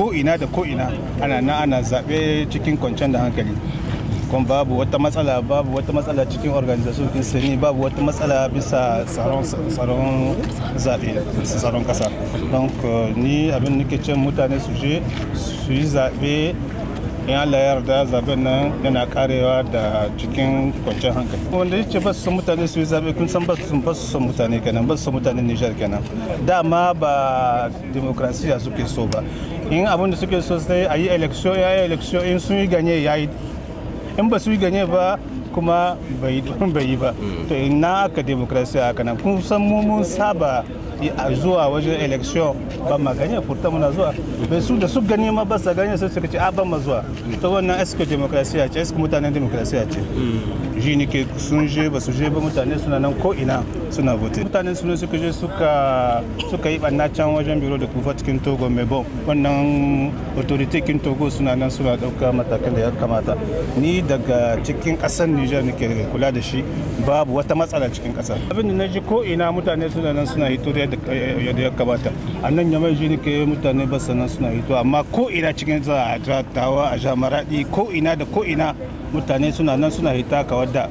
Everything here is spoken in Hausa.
koina da ko ina ana na ana zaɓe cikin kwanciyar da hankali kuma babu wata matsala babu wata matsala cikin organization din sani babu wata matsala bisa tsaron tsaron zaɓe tsaron ƙasa don ni abin nake ce mutane su je su yi zaɓe in Allah ya yarda zaben nan yana karewa da cikin kwanciyar hankali wanda yake ba su san mutane su yi zaɓe kun san ba su ba san mutane kenan ba su san mutane Niger kenan dama ba demokrasiya suke so ba in abin da suke so sai a yi election ya yi election in sun yi ganye ya yi in ba su yi ganye ba kuma bai yi ba mm. to ina aka demokrasiya haka nan kun san mu mun saba a zuwa wajen election ba ma ganye furta muna zuwa bai su da su gani ma ba sa ganye sai suka ce a ban ma zuwa ta wannan eske demokrasiya ce eske mutanen demokrasiya ce hmm. ji ni ke sun je ba su je ba mutane suna nan ko ina suna vote mutanen suna suka je suka suka yi banna can wajen biro da kufa cikin togo mai bon wannan authority kin togo suna nan suna dauka matakan da ya kamata ni daga cikin kasar Niger nake kula da shi babu wata matsala cikin kasar abin da na ji ko ina mutane suna nan suna hito da yadda ya kamata a nan yamai shi ke mutane ba sannan suna hito amma ko ina cikin za a jatawa tawa a ko ina da ko ina mutane suna nan suna hita kawar da